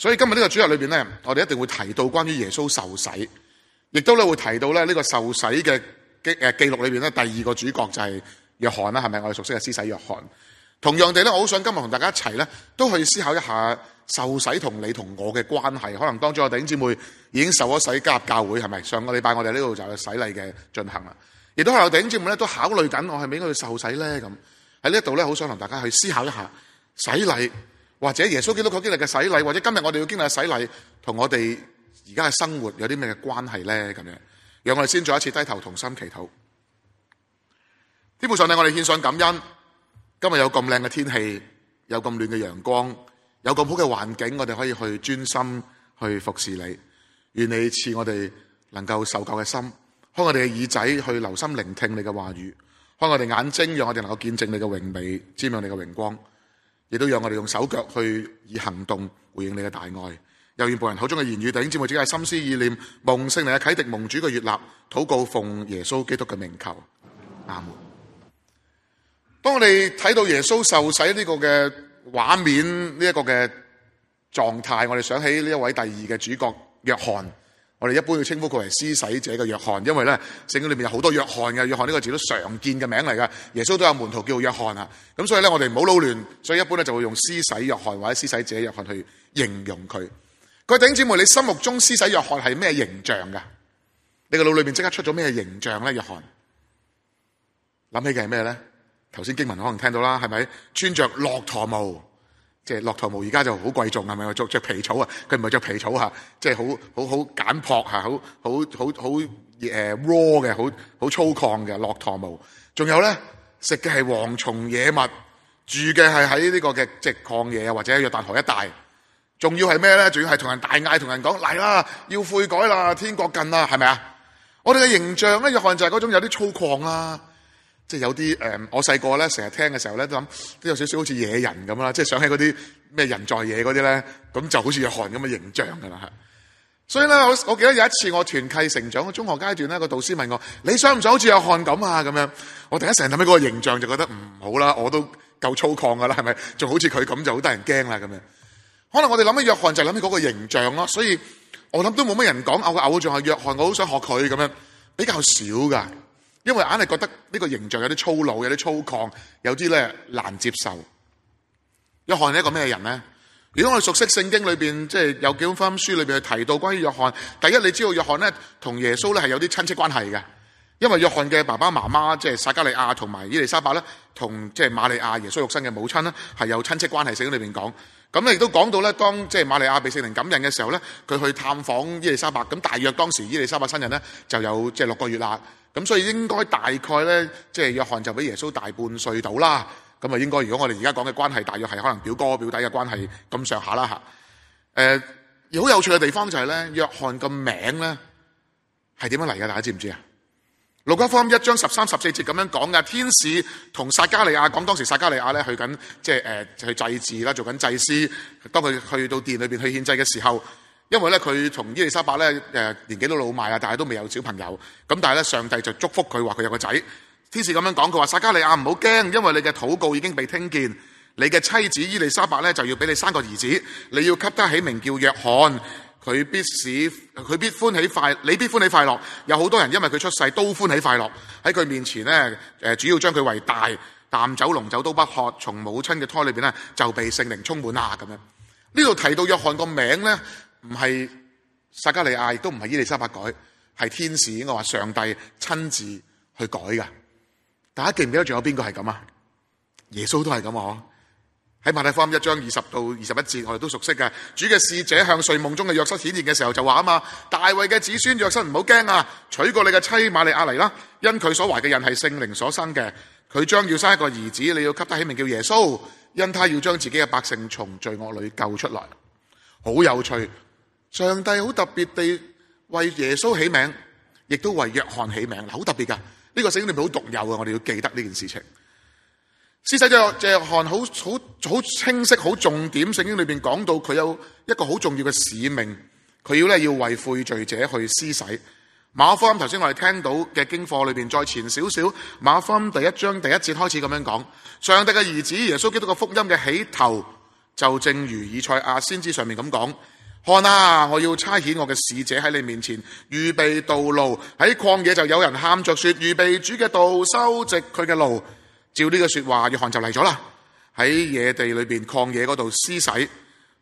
所以今日呢個主日裏面呢，我哋一定會提到關於耶穌受洗，亦都咧會提到咧呢個受洗嘅記誒記錄裏邊呢第二個主角就係約翰啦，係咪？我哋熟悉嘅施洗約翰。同樣地咧，我好想今日同大家一齊呢，都去思考一下受洗同你同我嘅關係。可能當中有弟兄姊妹已經受咗洗加入教會，係咪？上個禮拜我哋呢度就有洗禮嘅進行啦。亦都可能弟兄姊妹咧都考慮緊，我係咪應該去受洗咧？咁喺呢一度咧，好想同大家去思考一下洗禮。或者耶穌基督佢經歷嘅洗禮，或者今日我哋要經歷嘅洗禮，同我哋而家嘅生活有啲咩嘅關係咧？咁樣，讓我哋先再一次低頭同心祈禱。天父上帝，我哋獻上感恩。今日有咁靚嘅天氣，有咁暖嘅陽光，有咁好嘅環境，我哋可以去專心去服侍你。願你賜我哋能夠受教嘅心，開我哋嘅耳仔去留心聆聽你嘅話語，開我哋眼睛，讓我哋能夠見證你嘅榮美，瞻仰你嘅榮光。亦都讓我們用手腳去以行動回應你的大愛。又願僕人口中的言語頂節目只係心思意念、蒙聖靈嘅啟迪蒙主的悦納、禱告奉耶穌基督的名求。阿門。當我們睇到耶穌受洗這個的畫面，這個的狀態，我們想起這一位第二的主角約翰。我哋一般要稱呼佢為施洗者嘅約翰，因為呢聖經裏面有好多約翰嘅，約翰呢個字都常見嘅名嚟㗎。耶穌都有門徒叫約翰啊，咁所以呢，我哋唔好撈亂，所以一般呢就會用施洗約翰或者施洗者約翰去形容佢。各位弟兄姐妹，你心目中施洗約翰係咩形象㗎？你的腦裏面即刻出咗咩形象呢？約翰諗起嘅係咩呢？頭先經文可能聽到啦，係咪穿着駱駝毛？嘅駱駝毛而家就好貴重，係咪？著着皮草啊，佢唔係著皮草嚇，即係好好好簡朴，嚇，好好好好誒 raw 嘅，好好粗獷嘅駱駝毛。仲有咧，食嘅係蝗蟲野蜜，住嘅係喺呢個嘅直曠野啊，或者約旦河一帶。仲要係咩咧？仲要係同人大嗌，同人講嚟啦，要悔改啦，天國近啦，係咪啊？我哋嘅形象咧，約翰就係嗰種有啲粗獷啊。即係有啲誒，我細個咧成日聽嘅時候咧，都諗都有少少好似野人咁啦，即係想起嗰啲咩人在野嗰啲咧，咁就好似約翰咁嘅形象噶啦，所以咧，我我記得有一次我團契成長嘅中學階段咧，個導師問我，你想唔想好似約翰咁啊？咁樣，我第一成諗起嗰個形象就覺得唔好啦，我都夠粗獷噶啦，係咪？仲好似佢咁就好得人驚啦，咁樣。可能我哋諗起約翰就諗、是、起嗰個形象咯，所以我諗都冇乜人講偶偶像係約翰，我好想學佢咁樣，比較少噶。因為硬係覺得呢個形象有啲粗魯，有啲粗獷，有啲咧難接受。約翰係一個咩人呢？如果我哋熟悉聖經裏邊，即係有幾本福音書裏邊，提到關於約翰。第一，你知道約翰咧同耶穌咧係有啲親戚關係嘅，因為約翰嘅爸爸媽媽即係撒加利亞同埋伊利沙伯咧，同即係瑪利亞耶穌肉身嘅母親咧係有親戚關係。聖經裏邊講，咁亦都講到咧，當即係瑪利亞被聖靈感孕嘅時候咧，佢去探訪伊利沙伯。咁大約當時伊利沙伯身孕咧就有即係六個月啦。咁所以應該大概咧，即、就、係、是、約翰就比耶穌大半歲到啦。咁啊，應該如果我哋而家講嘅關係，大約係可能表哥表弟嘅關係咁上下啦嚇。而好、呃、有趣嘅地方就係、是、咧，約翰個名咧係點樣嚟嘅？大家知唔知啊？《路加福音》一章十三十四節咁樣講嘅，天使同撒加利亞講，講當時撒加利亞咧去緊，即、就、係、是呃、去祭祀啦，做緊祭司。當佢去到殿裏面去獻祭嘅時候。因為咧佢同伊麗莎白咧，誒，年紀都老邁啊，但係都未有小朋友。咁但係咧，上帝就祝福佢，話佢有個仔。天使咁樣講，佢話撒加利亞唔好驚，因為你嘅禱告已經被聽見，你嘅妻子伊麗莎白咧就要俾你生個兒子。你要給他起名叫約翰，佢必使佢必歡喜快，你必歡喜快樂。有好多人因為佢出世都歡喜快樂。喺佢面前呢，誒，主要將佢為大，淡酒濃酒都不喝。從母親嘅胎裏邊呢就被聖靈充滿啊，咁樣。呢度提到約翰個名呢。唔係撒加利亞，亦都唔係伊利沙伯改，係天使。應該話上帝親自去改噶。大家記唔記得仲有邊個係咁啊？耶穌都係咁啊！喺馬太福音一章二十到二十一節，我哋都熟悉嘅。主嘅使者向睡夢中嘅約瑟顯現嘅時候就話啊嘛：大衛嘅子孫約瑟唔好驚啊！娶過你嘅妻瑪利亞嚟啦，因佢所懷嘅人係聖靈所生嘅。佢將要生一個兒子，你要給他起名叫耶穌，因他要將自己嘅百姓從罪惡裏救出來。好有趣。上帝好特別地為耶穌起名，亦都為約翰起名，好特別噶。呢、這個聖經裏面好獨有嘅，我哋要記得呢件事情。施洗者約翰好好好清晰、好重點，聖經裏面講到佢有一個好重要嘅使命，佢要咧要為悔罪者去施洗。馬可福音頭先我哋聽到嘅經課裏面，再前少少，馬可福音第一章第一節開始咁樣講，上帝嘅兒子耶穌基督嘅福音嘅起頭，就正如以賽亞先知上面咁講。看啊！我要差遣我嘅使者喺你面前預備道路，喺曠野就有人喊着說，預備主嘅道，修直佢嘅路。照呢個說話，約翰就嚟咗啦。喺野地裏邊曠野嗰度施洗，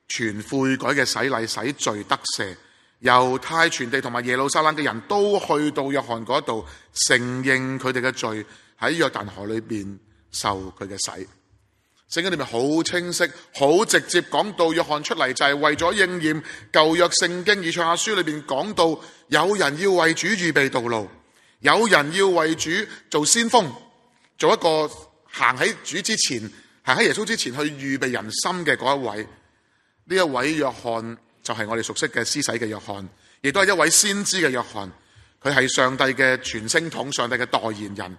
全悔改嘅洗禮，洗罪得赦。猶太全地同埋耶路撒冷嘅人都去到約翰嗰度承認佢哋嘅罪，喺約旦河裏邊受佢嘅洗。聖經裏面好清晰，好直接講到約翰出嚟就係、是，為咗應驗舊約聖經以賽亞書裏面講到有人要為主預備道路，有人要為主做先鋒，做一個行喺主之前，行喺耶穌之前去預備人心嘅嗰一位。呢一位約翰就係我哋熟悉嘅施洗嘅約翰，亦都係一位先知嘅約翰。佢係上帝嘅傳聲筒，上帝嘅代言人。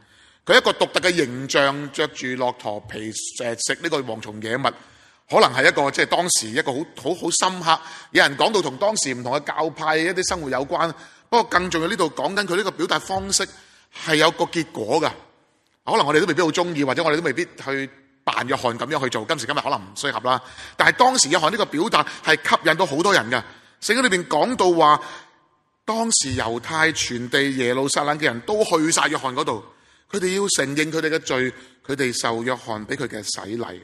佢一個獨特嘅形象，着住駱駝皮，誒，食呢個蝗蟲野物，可能係一個即係、就是、當時一個好好好深刻。有人講到同當時唔同嘅教派一啲生活有關，不過更重要呢度講緊佢呢個表達方式係有個結果㗎。可能我哋都未必好中意，或者我哋都未必去扮約翰咁樣去做。今時今日可能唔適合啦。但係當時約翰呢個表達係吸引到好多人㗎。聖經裏邊講到話，當時猶太全地耶路撒冷嘅人都去晒約翰嗰度。佢哋要承認佢哋嘅罪，佢哋受約翰俾佢嘅洗禮。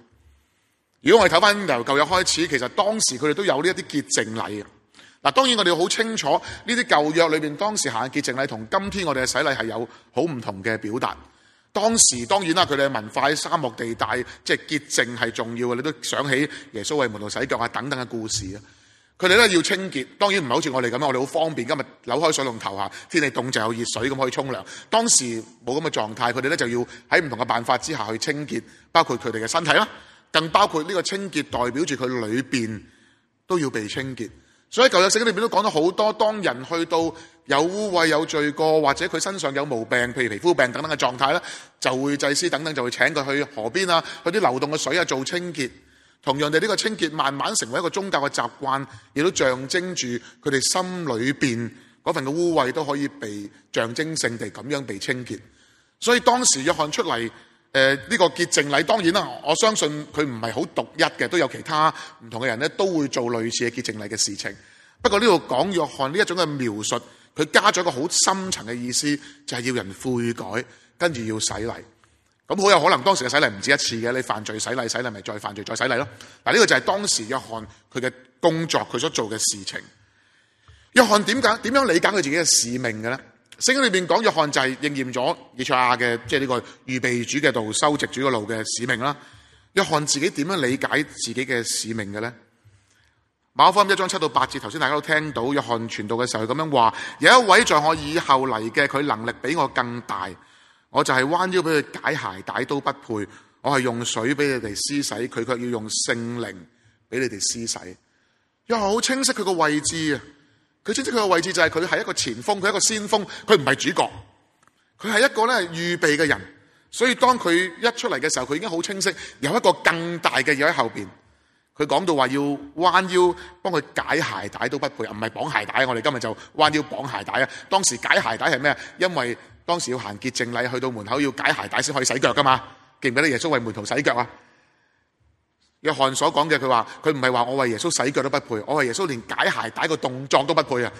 如果我哋睇翻由舊約開始，其實當時佢哋都有呢一啲潔淨禮。嗱，當然我哋好清楚呢啲舊約裏面當時行嘅潔淨禮同今天我哋嘅洗禮係有好唔同嘅表達。當時當然啦，佢哋嘅文化喺沙漠地帶，即係潔淨係重要嘅。你都想起耶穌為門徒洗腳啊等等嘅故事啊。佢哋咧要清潔，當然唔係好似我哋咁，我哋好方便，今日扭開水龍頭，下天氣凍就有熱水咁可以沖涼。當時冇咁嘅狀態，佢哋咧就要喺唔同嘅辦法之下去清潔，包括佢哋嘅身體啦，更包括呢個清潔代表住佢裏邊都要被清潔。所以舊約聖經裏邊都講咗好多，當人去到有污穢有罪過，或者佢身上有毛病，譬如皮膚病等等嘅狀態咧，就會祭司等等就會請佢去河邊啊，去啲流動嘅水啊做清潔。同樣地，呢個清潔慢慢成為一個宗教嘅習慣，亦都象徵住佢哋心裏邊嗰份嘅污穢都可以被象徵性地咁樣被清潔。所以當時約翰出嚟，誒、呃，呢個潔淨禮，當然啦，我相信佢唔係好獨一嘅，都有其他唔同嘅人咧都會做類似嘅潔淨禮嘅事情。不過呢度講約翰呢一種嘅描述，佢加咗一個好深層嘅意思，就係要人悔改，跟住要洗禮。咁好有可能當時嘅洗禮唔止一次嘅，你犯罪，洗禮，洗禮，咪再犯罪再洗禮咯。嗱，呢個就係當時約翰佢嘅工作，佢所做嘅事情。約翰點解點樣理解佢自己嘅使命嘅咧？聖經裏邊講約翰就係應驗咗以賽亞嘅，即係呢個預備主嘅道，修直主嘅路嘅使命啦。約翰自己點樣理解自己嘅使命嘅咧？馬可福音一章七到八節，頭先大家都聽到約翰傳道嘅時候咁樣話：有一位在我以後嚟嘅，佢能力比我更大。我就係彎腰俾佢解鞋帶都不配，我係用水俾你哋施洗，佢卻要用聖靈俾你哋施洗。又好清晰佢個位置啊！佢清晰佢個位置就係佢係一個前鋒，佢係一個先鋒，佢唔係主角，佢係一個咧預備嘅人。所以當佢一出嚟嘅時候，佢已經好清晰，有一個更大嘅嘢喺後面，佢講到話要彎腰幫佢解鞋帶都不配啊！唔係綁鞋帶，我哋今日就彎腰綁鞋帶啊！當時解鞋帶係咩？因為當時要行潔淨禮，去到門口要解鞋帶先可以洗腳噶嘛？記唔記得耶穌為門徒洗腳啊？約翰所講嘅，佢話佢唔係話我為耶穌洗腳都不配，我為耶穌連解鞋帶個動作都不配啊！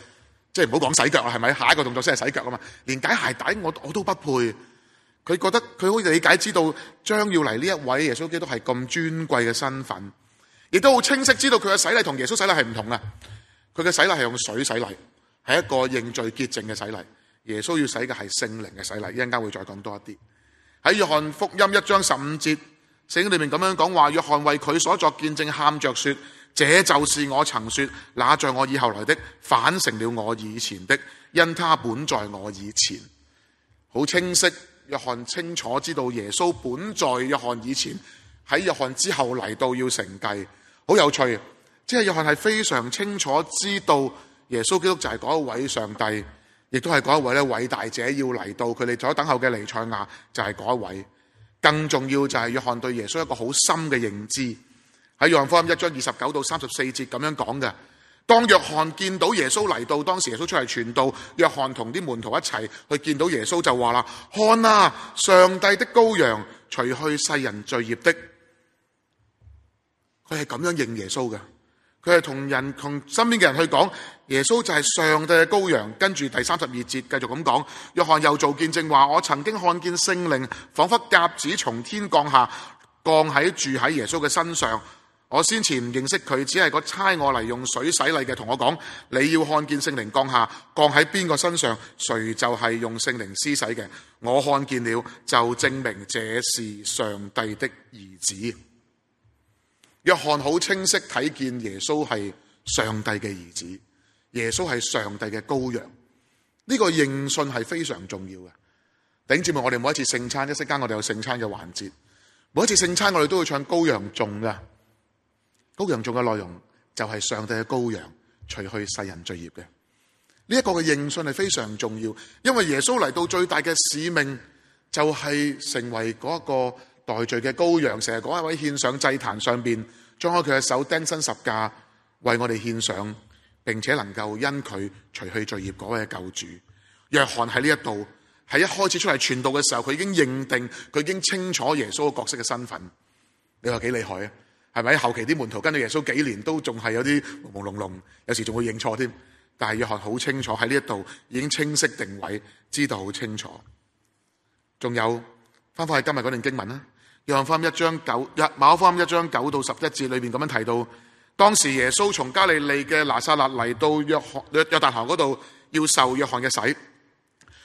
即係唔好講洗腳啦，係咪下一個動作先係洗腳啊嘛？連解鞋帶我我都不配。佢覺得佢好理解，知道將要嚟呢一位耶穌基督係咁尊貴嘅身份，亦都好清晰知道佢嘅洗禮同耶穌洗禮係唔同啊！佢嘅洗禮係用水洗禮，係一個認罪潔淨嘅洗禮。耶穌要使嘅係聖靈嘅洗禮，一陣間會再講多一啲。喺約翰福音一章十五節，聖經裏面咁樣講話：約翰為佢所作見證，喊着說：這就是我曾說，那在我以後來的，反成了我以前的，因他本在我以前。好清晰，約翰清楚知道耶穌本在約翰以前，喺約翰之後嚟到要成繼。好有趣，即係約翰係非常清楚知道耶穌基督就係嗰一位上帝。亦都係嗰一位咧，偉大者要嚟到佢哋所等候嘅尼賽亞就係嗰一位。更重要就係約翰對耶穌一個好深嘅認知，喺約翰福音一章二十九到三十四節咁樣講嘅。當約翰見到耶穌嚟到，當時耶穌出嚟傳道，約翰同啲門徒一齊去見到耶穌就話啦：看啊，上帝的羔羊，除去世人罪孽的。佢係咁樣認耶穌嘅。佢係同人同身邊嘅人去講，耶穌就係上帝嘅羔羊。跟住第三十二節繼續咁講，約翰又做見證話：我曾經看見聖靈彷彿鴿子從天降下，降喺住喺耶穌嘅身上。我先前唔認識佢，只係個差我嚟用水洗禮嘅，同我講你要看見聖靈降下，降喺邊個身上，誰就係用聖靈施洗嘅。我看見了，就證明這是上帝的兒子。約翰好清晰睇見耶穌係上帝嘅兒子，耶穌係上帝嘅羔羊，呢、這個認信係非常重要嘅。弟兄姊妹，我哋每一次聖餐，一息間我哋有聖餐嘅環節，每一次聖餐我哋都會唱羔羊頌嘅。羔羊頌嘅內容就係上帝嘅羔羊，除去世人罪孽嘅。呢、這、一個嘅認信係非常重要，因為耶穌嚟到最大嘅使命就係、是、成為嗰、那個。代罪嘅羔羊，成日嗰一位獻上祭壇上邊，張開佢嘅手釘身十架，為我哋獻上，並且能夠因佢除去罪孽嗰位嘅救主。約翰喺呢一度，喺一開始出嚟傳道嘅時候，佢已經認定，佢已經清楚耶穌嘅角色嘅身份。你話幾厲害啊？係咪後期啲門徒跟住耶穌幾年，都仲係有啲朦朦朧朧，有時仲會認錯添。但係約翰好清楚喺呢一度，已經清晰定位，知道好清楚。仲有翻返去今日嗰段經文啦。約翰一章九，日馬翻一章九到十一節裏面咁樣提到，當時耶穌從加利利嘅拿撒勒嚟到約翰約約旦河嗰度，要受約翰嘅洗。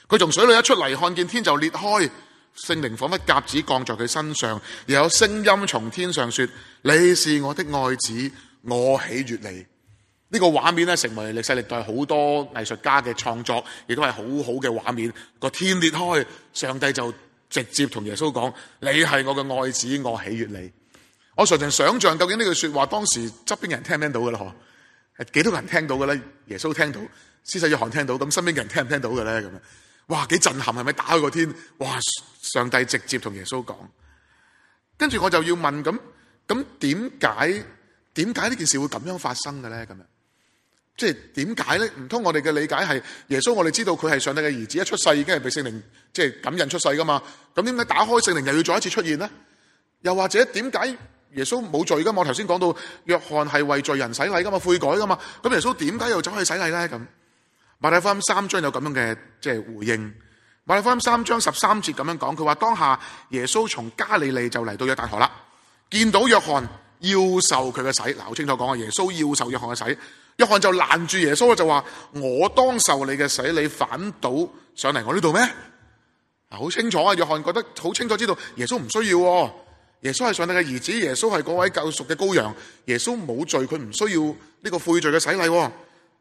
佢從水裏一出嚟，看見天就裂開，聖靈彷彿鴿子降在佢身上，又有聲音從天上說：你是我的愛子，我喜悦你。呢個畫面呢，成為歷世歷代好多藝術家嘅創作，亦都係好好嘅畫面。個天裂開，上帝就。直接同耶穌講，你係我嘅愛子，我喜悦你。我常常想象究竟呢句說話當時側邊人聽唔聽到噶啦？嗬，幾多人聽到噶咧？耶穌聽到，施洗約翰聽到，咁身邊嘅人聽唔聽到嘅咧？咁樣，哇，幾震撼係咪？打開個天，哇！上帝直接同耶穌講，跟住我就要問咁咁點解？點解呢件事會咁樣發生嘅咧？咁樣。即係點解咧？唔通我哋嘅理解係耶穌？我哋知道佢係上帝嘅兒子，一出世已經係被聖靈即係感孕出世噶嘛？咁點解打開聖靈又要再一次出現呢？又或者點解耶穌冇罪噶嘛？我頭先講到約翰係為罪人洗禮噶嘛，悔改噶嘛？咁耶穌點解又走去洗禮咧？咁馬太福音三章有咁樣嘅即係回應。馬太福音三章十三節咁樣講，佢話當下耶穌從加利利就嚟到約但河啦，見到約翰要受佢嘅洗。嗱，好清楚講啊，耶穌要受約翰嘅洗。約翰就攔住耶穌，就話，我當受你嘅洗，你反倒上嚟我呢度咩？啊，好清楚啊！約翰覺得好清楚，知道耶穌唔需要，啊，耶穌係上帝嘅兒子，耶穌係嗰位救贖嘅羔羊，耶穌冇罪，佢唔需要呢個悔罪嘅洗禮，啊，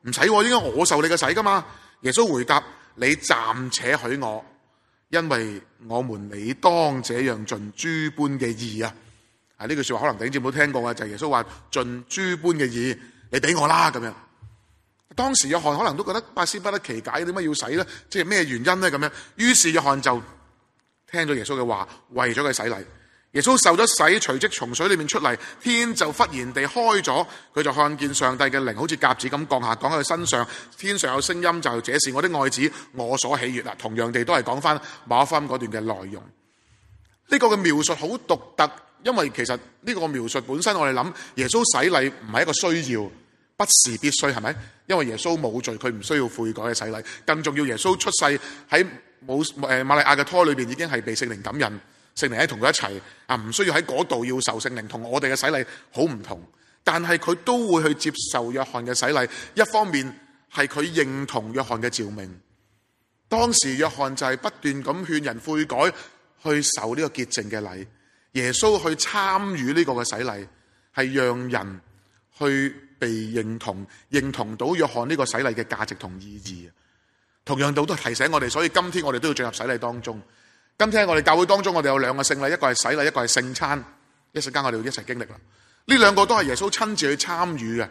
唔使，啊，應該我受你嘅洗噶嘛？耶穌回答：你暫且許我，因為我們理當這樣盡諸般嘅義啊！啊，呢句說話可能頂住冇聽過啊，就係、是、耶穌話盡諸般嘅義。你俾我啦，咁樣。當時約翰可能都覺得百思不得其解，點解要洗呢？即係咩原因呢？咁樣，於是約翰就聽咗耶穌嘅話，為咗佢洗禮。耶穌受咗洗，隨即從水裏面出嚟，天就忽然地開咗，佢就看見上帝嘅靈好似鴿子咁降下，降喺佢身上。天上有聲音就：這是我的愛子，我所喜悅啦。同樣地，都係講翻馬可福音嗰段嘅內容。呢、這個嘅描述好獨特。因為其實呢個描述本身我們想，我哋諗耶穌洗禮唔係一個需要，不是必須，係咪？因為耶穌冇罪，佢唔需要悔改嘅洗禮。更重要，耶穌出世喺冇誒瑪利亞嘅胎裏邊，已經係被聖靈感孕。聖靈喺同佢一齊啊，唔需要喺嗰度要受聖靈同我哋嘅洗禮，好唔同。但係佢都會去接受約翰嘅洗禮，一方面係佢認同約翰嘅召命。當時約翰就係不斷咁勸人悔改，去受呢個潔淨嘅禮。耶穌去參與呢個嘅洗禮，係讓人去被認同，認同到約翰呢個洗禮嘅價值同意義。同樣都都提醒我哋，所以今天我哋都要進入洗禮當中。今天喺我哋教會當中，我哋有兩個聖禮，一個係洗禮，一個係聖餐。一陣間我哋一齊經歷啦。呢兩個都係耶穌親自去參與嘅。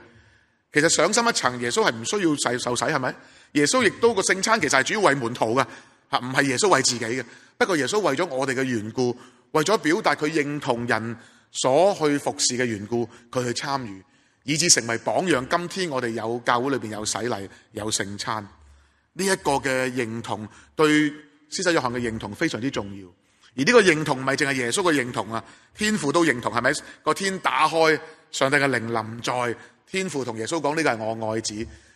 其實上深一層，耶穌係唔需要受受洗，係咪？耶穌亦都個聖餐其實係主要為門徒嘅，吓唔係耶穌為自己嘅。不過耶穌為咗我哋嘅緣故。為咗表達佢認同人所去服侍嘅緣故，佢去參與，以至成為榜樣。今天我哋有教會裏邊有洗禮、有聖餐，呢一個嘅認同對施洗約翰嘅認同非常之重要。而呢個認同唔係淨係耶穌嘅認同啊，天父都認同，係咪？個天打開，上帝嘅靈臨在，天父同耶穌講呢個係我愛子。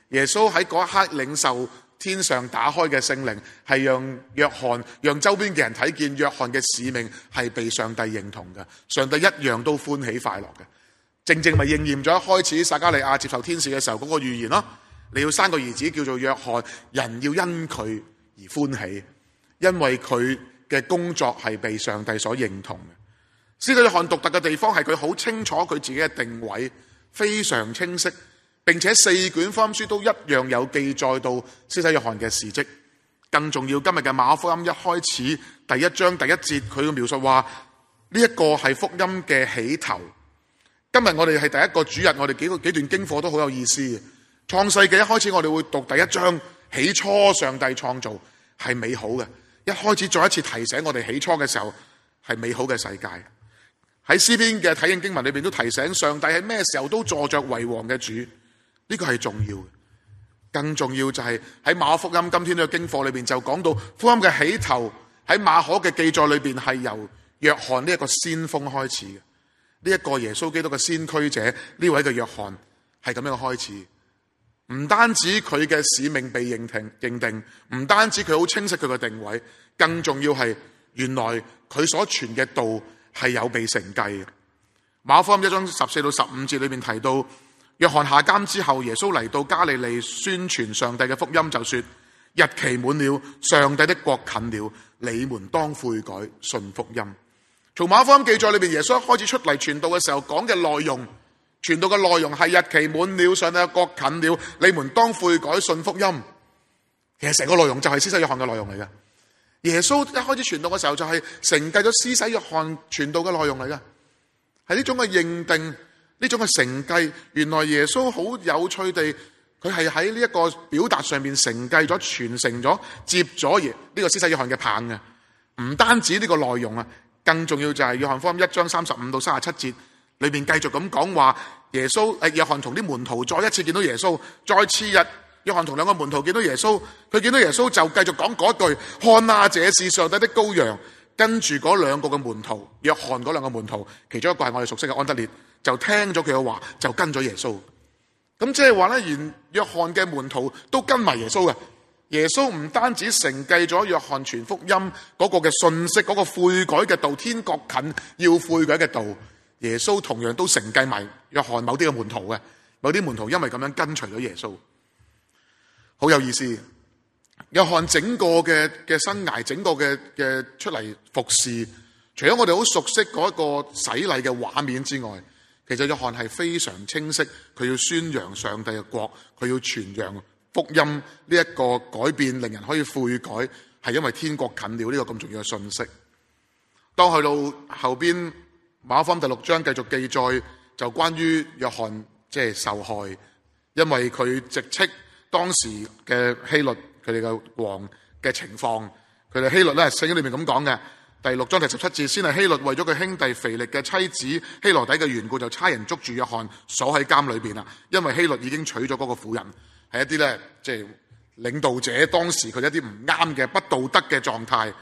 耶穌喺嗰一刻領受。天上打開嘅聖靈係讓約翰，讓周邊嘅人睇見約翰嘅使命係被上帝認同嘅，上帝一樣都歡喜快樂嘅。正正咪應驗咗一開始撒加利亞接受天使嘅時候嗰個預言咯，你要生個兒子叫做約翰，人要因佢而歡喜，因為佢嘅工作係被上帝所認同嘅。施洗約翰獨特嘅地方係佢好清楚佢自己嘅定位，非常清晰。並且四卷福音書都一樣有記載到施洗約翰嘅事跡。更重要，今日嘅馬福音一開始第一章第一節，佢嘅描述話呢一個係福音嘅起頭。今日我哋係第一個主日，我哋幾個幾段經課都好有意思。創世紀一開始，我哋會讀第一章，起初上帝創造係美好嘅。一開始再一次提醒我哋，起初嘅時候係美好嘅世界。喺詩篇嘅體驗經文裏邊都提醒上帝喺咩時候都坐着為王嘅主。呢個係重要嘅，更重要就係喺馬可福音今天呢個經課裏邊就講到福音嘅起頭，喺馬可嘅記載裏邊係由約翰呢一個先鋒開始嘅。呢一個耶穌基督嘅先驅者，呢位嘅約翰係咁樣嘅開始。唔單止佢嘅使命被認定，認定，唔單止佢好清晰佢嘅定位，更重要係原來佢所傳嘅道係有被承繼嘅。馬可福音一章十四到十五節裡面提到。約翰下監之後，耶穌嚟到加利利宣傳上帝嘅福音，就說：日期滿了，上帝的國近了，你們當悔改，信福音。從馬可記載裏邊，耶穌一開始出嚟傳道嘅時候講嘅內容，傳道嘅內容係：日期滿了，上帝的國近了，你們當悔改，信福音。其實成個內容就係施洗約翰嘅內容嚟嘅。耶穌一開始傳道嘅時候就係承繼咗施洗約翰傳道嘅內容嚟嘅，係呢種嘅認定。呢種嘅承繼，原來耶穌好有趣地，佢係喺呢一個表達上面承繼咗、傳承咗、接咗耶呢、這個施洗約翰嘅棒。唔單止呢個內容啊，更重要就係約翰福音一章三十五到三十七節裏面繼續咁講話，耶穌誒，約翰同啲門徒再一次見到耶穌，再次日，約翰同兩個門徒見到耶穌，佢見到耶穌就繼續講嗰句：看啊，這是上帝的羔羊。跟住嗰兩個嘅門徒，約翰嗰兩個門徒，其中一個係我哋熟悉嘅安德烈。就聽咗佢嘅話，就跟咗耶穌。咁即係話呢，連約翰嘅門徒都跟埋耶穌嘅。耶穌唔單止承繼咗約翰全福音嗰個嘅信息，嗰、嗰個悔改嘅道，天國近要悔改嘅道，耶穌同樣都承繼埋約翰某啲嘅門徒嘅。某啲門徒因為咁樣跟隨咗耶穌，好有意思。約翰整個嘅嘅生涯，整個嘅嘅出嚟服侍，除咗我哋好熟悉嗰一個洗禮嘅畫面之外。其實約翰係非常清晰，佢要宣揚上帝嘅國，佢要傳揚福音呢一個改變，令人可以悔改，係因為天國近了呢、這個咁重要嘅信息。當去到後邊馬可福音第六章繼續記載，就關於約翰即係、就是、受害，因為佢直斥當時嘅希律佢哋嘅王嘅情況，佢哋希律咧聖經裏面咁講嘅。第六章第十七節，先係希律為咗佢兄弟腓力嘅妻子希羅底嘅緣故，就差人捉住約翰，鎖喺監裏邊啦。因為希律已經娶咗嗰個婦人，係一啲咧，即係領導者當時佢一啲唔啱嘅不道德嘅狀態。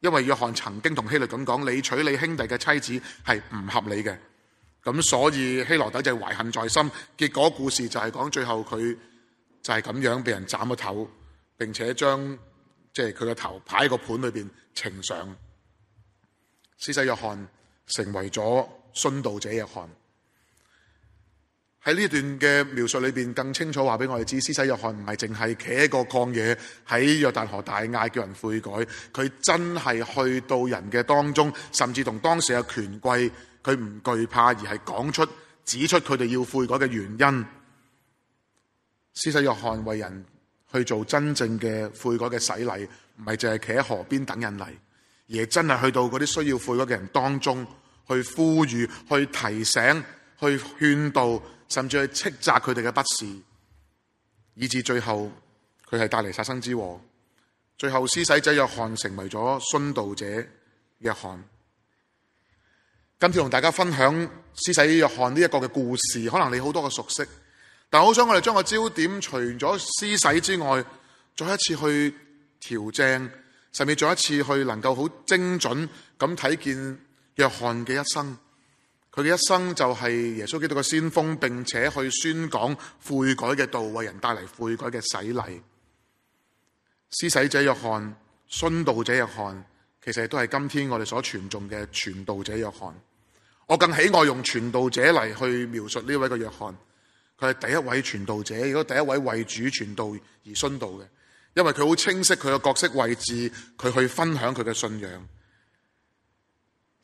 因為約翰曾經同希律咁講：你娶你兄弟嘅妻子係唔合理嘅。咁所以希羅底就懷恨在心。結果故事就係講最後佢就係咁樣俾人斬咗頭，並且將即係佢個頭擺喺個盤裏邊呈上。施洗約翰成為咗傳道者約翰。喺呢段嘅描述裏邊，更清楚話俾我哋知，施洗約翰唔係淨係企喺個曠野喺約旦河大嗌，叫人悔改，佢真係去到人嘅當中，甚至同當時嘅權貴，佢唔懼怕而係講出指出佢哋要悔改嘅原因。施洗約翰為人去做真正嘅悔改嘅洗禮，唔係淨係企喺河邊等人嚟。而真係去到嗰啲需要悔改嘅人當中，去呼籲、去提醒、去勸導，甚至去斥責佢哋嘅不是，以至最後佢係帶嚟殺身之禍。最後施洗者約翰成為咗殉道者約翰。今天同大家分享施洗約翰呢一個嘅故事，可能你好多嘅熟悉，但好想我哋將個焦點除咗施洗之外，再一次去調整。甚至再一次去能夠好精準咁睇見約翰嘅一生，佢嘅一生就係耶穌基督嘅先鋒，並且去宣講悔改嘅道，為人帶嚟悔改嘅洗禮。施洗者約翰、殉道者約翰，其實都係今天我哋所傳頌嘅傳道者約翰。我更喜愛用傳道者嚟去描述呢位嘅約翰，佢係第一位傳道者，亦都第一位為主傳道而殉道嘅。因為佢好清晰佢個角色位置，佢去分享佢嘅信仰。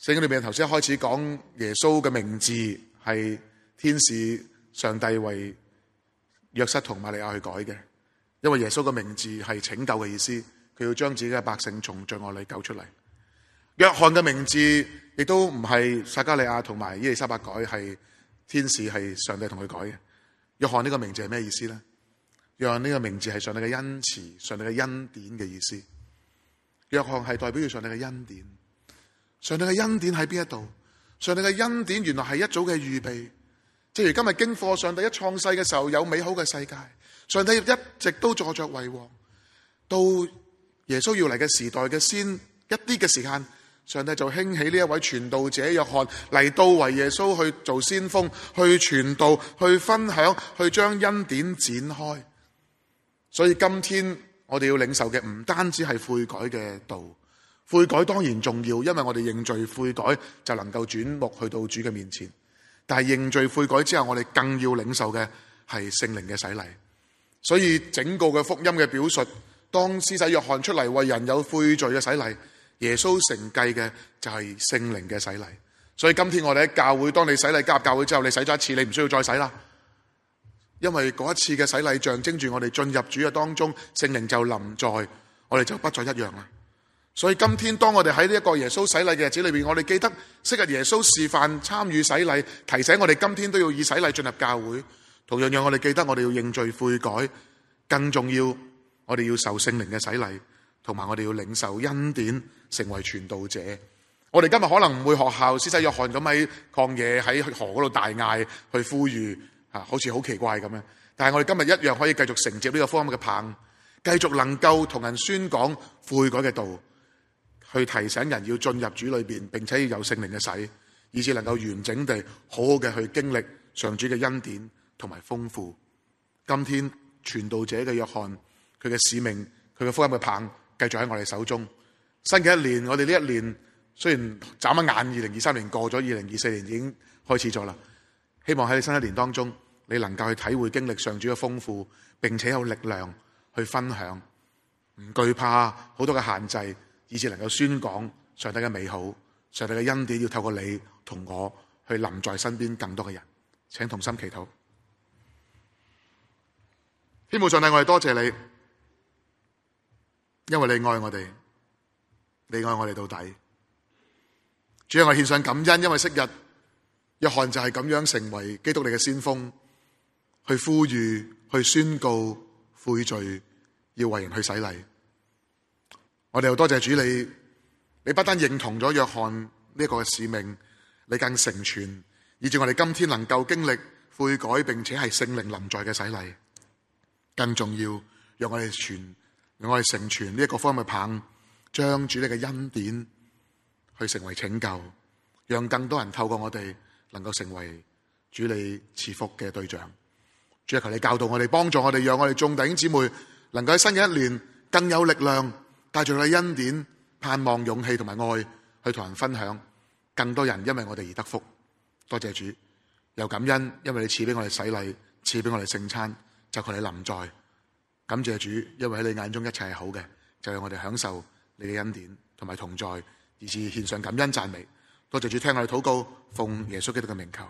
聖經裏面頭先開始講耶穌嘅名字係天使上帝為約瑟同瑪利亞去改嘅，因為耶穌嘅名字係拯救嘅意思，佢要將自己嘅百姓從罪惡裏救出嚟。約翰嘅名字亦都唔係撒加利亞同埋伊利沙伯改，係天使係上帝同佢改嘅。約翰呢個名字係咩意思咧？讓呢個名字係上帝嘅恩賜，上帝嘅恩典嘅意思。約翰係代表住上帝嘅恩典。上帝嘅恩典喺邊一度？上帝嘅恩典原來係一早嘅預備。即如今日經課，上帝一創世嘅時候，有美好嘅世界。上帝一直都坐着為王。到耶穌要嚟嘅時代嘅先一啲嘅時間，上帝就興起呢一位傳道者約翰嚟到為耶穌去做先鋒，去傳道，去分享，去將恩典展開。所以今天我哋要領受嘅唔單止是悔改嘅道，悔改當然重要，因為我哋認罪悔改就能夠轉目去到主嘅面前。但是認罪悔改之後，我哋更要領受嘅是聖靈嘅洗禮。所以整個嘅福音嘅表述，當施洗約翰出嚟為人有悔罪嘅洗禮，耶穌承繼嘅就是聖靈嘅洗禮。所以今天我哋喺教會，當你洗禮加入教會之後，你洗咗一次，你唔需要再洗啦因為嗰一次嘅洗禮象徵住我哋進入主嘅當中，聖靈就臨在，我哋就不再一樣啦。所以今天當我哋喺呢一個耶穌洗禮嘅日子裏邊，我哋記得昔日耶穌示範參與洗禮，提醒我哋今天都要以洗禮進入教會。同樣讓我哋記得，我哋要認罪悔改，更重要，我哋要受聖靈嘅洗禮，同埋我哋要領受恩典，成為傳道者。我哋今日可能唔會學校施洗約翰咁喺曠野喺河嗰度大嗌去呼籲。啊，好似好奇怪咁樣，但係我哋今日一樣可以繼續承接呢個福音嘅棒，繼續能夠同人宣講悔改嘅道，去提醒人要進入主裏面，並且要有聖靈嘅洗，以至能夠完整地好好嘅去經歷上主嘅恩典同埋豐富。今天傳道者嘅約翰，佢嘅使命，佢嘅福音嘅棒，繼續喺我哋手中。新嘅一年，我哋呢一年雖然眨一眼，二零二三年過咗，二零二四年已經開始咗啦。希望喺你新一年當中，你能夠去體會經歷上主嘅豐富，並且有力量去分享，唔懼怕好多嘅限制，以至能夠宣講上帝嘅美好，上帝嘅恩典要透過你同我去臨在身邊更多嘅人，請同心祈禱。希望上帝，我哋多謝，謝你，因為你愛我哋，你愛我哋到底。主要我獻上感恩，因為昔日。約翰就係咁樣成為基督嘅先鋒，去呼籲、去宣告悔罪，要為人去洗禮。我哋要多謝主你，你不單認同咗約翰呢個使命，你更成全，以至我哋今天能夠經歷悔改，並且係聖靈臨在嘅洗禮。更重要，讓我哋傳讓我哋成全呢一個方面嘅棒，將主你嘅恩典去成為拯救，讓更多人透過我哋。能夠成為主你賜福嘅對象，主啊，求你教導我哋，幫助我哋，讓我哋眾弟兄姊妹能夠喺新嘅一年更有力量，帶住你嘅恩典，盼望勇氣同埋愛去同人分享，更多人因為我哋而得福。多謝主，有感恩因為你賜俾我哋洗禮，賜俾我哋聖餐，就求你臨在，感謝主，因為喺你眼中一切係好嘅，就讓我哋享受你嘅恩典同埋同在，以至獻上感恩讚美。多謝主聽我哋禱告，奉耶穌基督嘅名求。